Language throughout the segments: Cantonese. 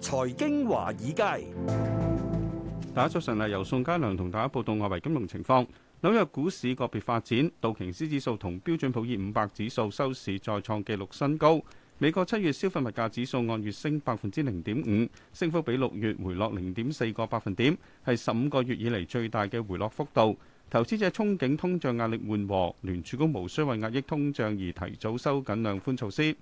財經華爾街，大家早晨啊！由宋嘉良同大家報道外圍金融情況。紐約股市個別發展，道瓊斯指數同標準普爾五百指數收市再創紀錄新高。美國七月消費物價指數按月升百分之零點五，升幅比六月回落零點四個百分點，係十五個月以嚟最大嘅回落幅度。投資者憧憬通脹壓力緩和，聯儲局無需為壓抑通脹而提早收緊量寬措施。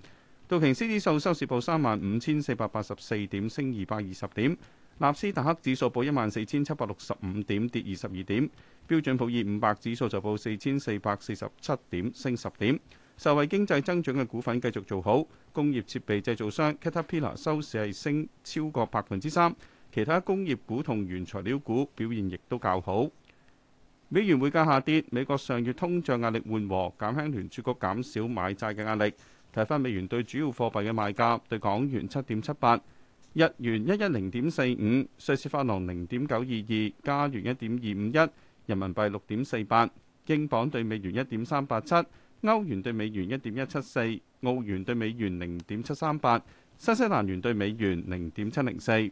道瓊斯指數收市報三萬五千四百八十四點，升二百二十點；納斯達克指數報一萬四千七百六十五點，跌二十二點；標準普爾五百指數就報四千四百四十七點，升十點。受惠經濟增長嘅股份繼續做好，工業設備製造商 Caterpillar 收市係升超過百分之三，其他工業股同原材料股表現亦都較好。美元匯價下跌，美國上月通脹壓力緩和，減輕聯儲局減少買債嘅壓力。睇返美元對主要貨幣嘅賣價，對港元七點七八，日元一一零點四五，瑞士法郎零點九二二，加元一點二五一，人民幣六點四八，英鎊對美元一點三八七，歐元對美元一點一七四，澳元對美元零點七三八，新西蘭元對美元零點七零四。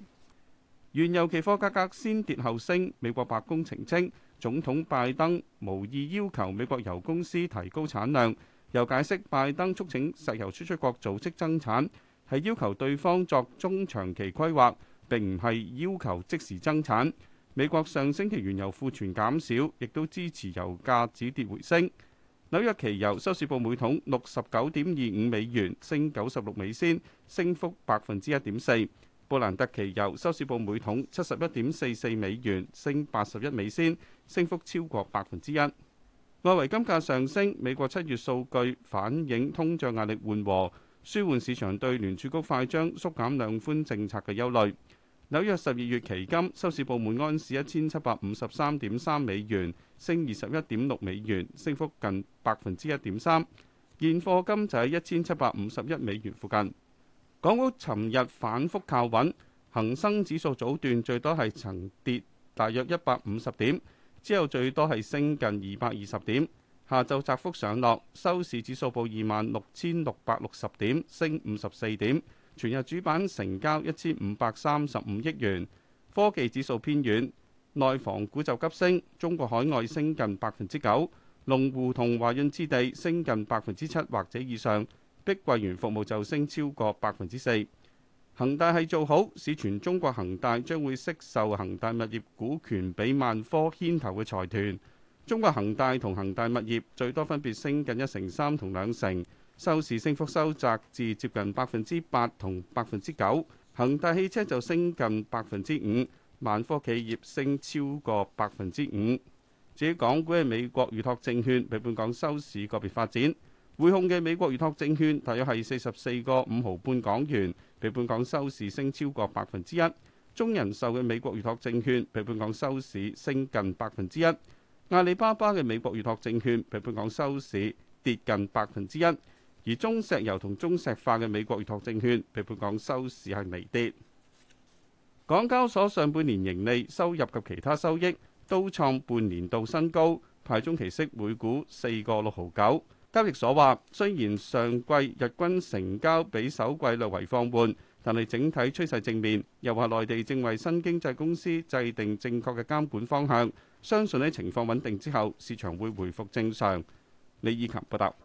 原油期貨價格先跌後升，美國白宮澄清，總統拜登無意要求美國油公司提高產量。又解釋拜登促請石油輸出國組織增產，係要求對方作中長期規劃，並唔係要求即時增產。美國上星期原油庫存減少，亦都支持油價止跌回升。紐約期油收市報每桶六十九點二五美元，升九十六美仙，升幅百分之一點四。布蘭特期油收市報每桶七十一點四四美元，升八十一美仙，升幅超過百分之一。外圍金價上升，美國七月數據反映通脹壓力緩和，舒緩市場對聯儲局快將縮減量寬政策嘅憂慮。紐約十二月期金收市報每安士一千七百五十三點三美元，升二十一點六美元，升幅近百分之一點三。現貨金就喺一千七百五十一美元附近。港股尋日反覆靠穩，恒生指數早段最多係曾跌大約一百五十點。之後最多係升近二百二十點，下晝窄幅上落，收市指數報二萬六千六百六十點，升五十四點。全日主板成交一千五百三十五億元，科技指數偏軟，內房股就急升，中國海外升近百分之九，龍湖同華潤置地升近百分之七或者以上，碧桂園服務就升超過百分之四。恒大係做好，市傳中國恒大將會悉售恒大物業股權俾萬科牽頭嘅財團。中國恒大同恒大物業最多分別升近一成三同兩成，收市升幅收窄至接近百分之八同百分之九。恒大汽車就升近百分之五，萬科企業升超過百分之五。至於港股嘅美國預託證券，比本港收市個別發展。匯控嘅美國預託證券大約係四十四個五毫半港元，比本港收市升超過百分之一。中人壽嘅美國預託證券比本港收市升近百分之一。阿里巴巴嘅美國預託證券比本港收市跌近百分之一，而中石油同中石化嘅美國預託證券比本港收市係微跌。港交所上半年盈利、收入及其他收益都創半年度新高，派中期息每股四個六毫九。交易所話：雖然上季日均成交比首季略為放緩，但係整體趨勢正面。又話內地正為新經濟公司制定正確嘅監管方向，相信喺情況穩定之後，市場會回復正常。李意琴報道。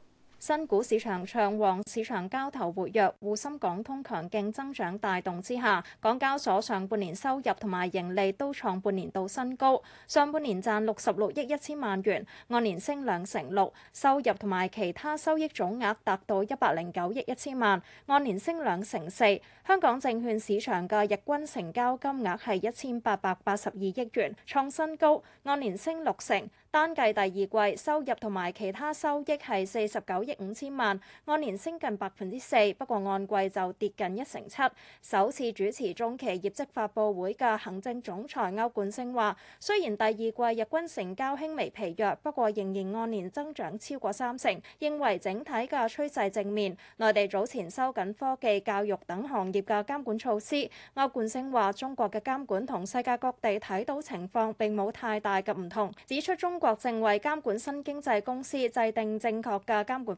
新股市場暢旺，市場交投活躍，滬深港通強勁增長帶動之下，港交所上半年收入同埋盈利都創半年度新高。上半年賺六十六億一千萬元，按年升兩成六；收入同埋其他收益總額達到一百零九億一千萬，按年升兩成四。香港證券市場嘅日均成交金額係一千八百八十二億元，創新高，按年升六成。單計第二季收入同埋其他收益係四十九億億五千萬，按年升近百分之四，不過按季就跌近一成七。首次主持中期業績發佈會嘅行政總裁歐冠昇話，雖然第二季日均成交輕微疲弱，不過仍然按年增長超過三成，認為整體嘅趨勢正面。內地早前收緊科技、教育等行業嘅監管措施，歐冠昇話，中國嘅監管同世界各地睇到情況並冇太大嘅唔同，指出中國正為監管新經濟公司制定正確嘅監管。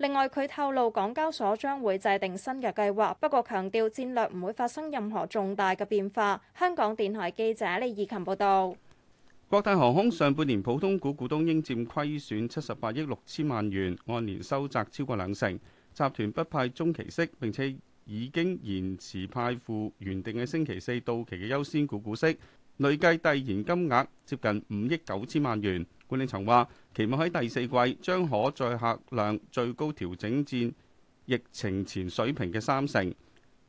另外，佢透露港交所將會制定新嘅計劃，不過強調戰略唔會發生任何重大嘅變化。香港電台記者李怡琴報道。國泰航空上半年普通股股東應佔虧損七十八億六千萬元，按年收窄超過兩成。集團不派中期息，並且已經延遲派付原定嘅星期四到期嘅優先股股息。累計遞延金額接近五億九千萬元。管理層話期望喺第四季將可載客量最高調整至疫情前水平嘅三成。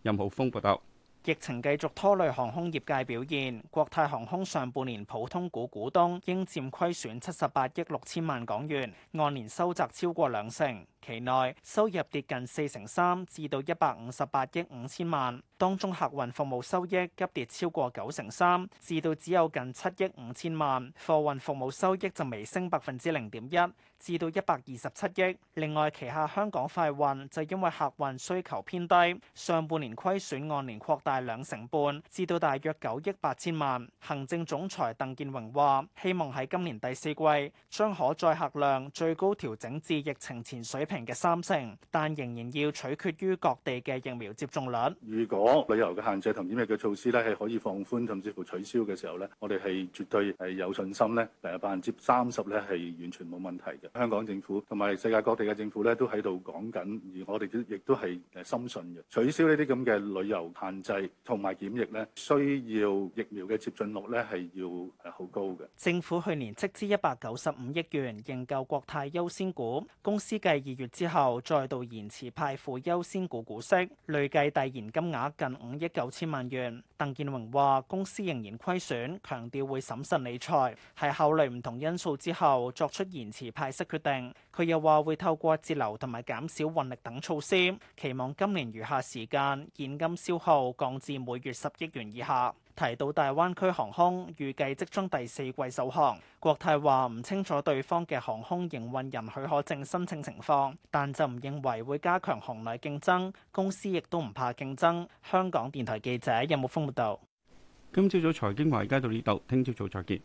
任浩峰報道。疫情繼續拖累航空業界表現，國泰航空上半年普通股股東應佔虧損七十八億六千萬港元，按年收窄超過兩成。期內收入跌近四成三，至到一百五十八億五千萬。當中客運服務收益急跌超過九成三，至到只有近七億五千萬；貨運服務收益就微升百分之零點一，至到一百二十七億。另外旗下香港快運就因為客運需求偏低，上半年虧損按年擴大兩成半，至到大約九億八千萬。行政總裁鄧健榮話：希望喺今年第四季將可載客量最高調整至疫情前水平嘅三成，但仍然要取決於各地嘅疫苗接種率。如果哦，旅遊嘅限制同檢疫嘅措施咧，係可以放寬甚至乎取消嘅時候咧，我哋係絕對係有信心咧，誒，百分之三十咧係完全冇問題嘅。香港政府同埋世界各地嘅政府咧，都喺度講緊，而我哋亦都係誒深信嘅。取消呢啲咁嘅旅遊限制同埋檢疫咧，需要疫苗嘅接種率咧係要誒好高嘅。政府去年斥資一百九十五億元認購國泰優先股，公司繼二月之後再度延遲派付優先股股息，累計遞延金額近五億九千萬元。鄧建榮話公司仍然虧損，強調會審慎理財，係考慮唔同因素之後作出延遲派息決定。佢又話會透過節流同埋減少運力等措施，期望今年餘下時間現金消耗降至每月十億元以下。提到大灣區航空預計即將第四季首航，國泰話唔清楚對方嘅航空營運人許可證申請情況，但就唔認為會加強行內競爭。公司亦都唔怕競爭。香港電台記者任木峯報道。今朝早財經華爾街到呢度，聽朝早再見。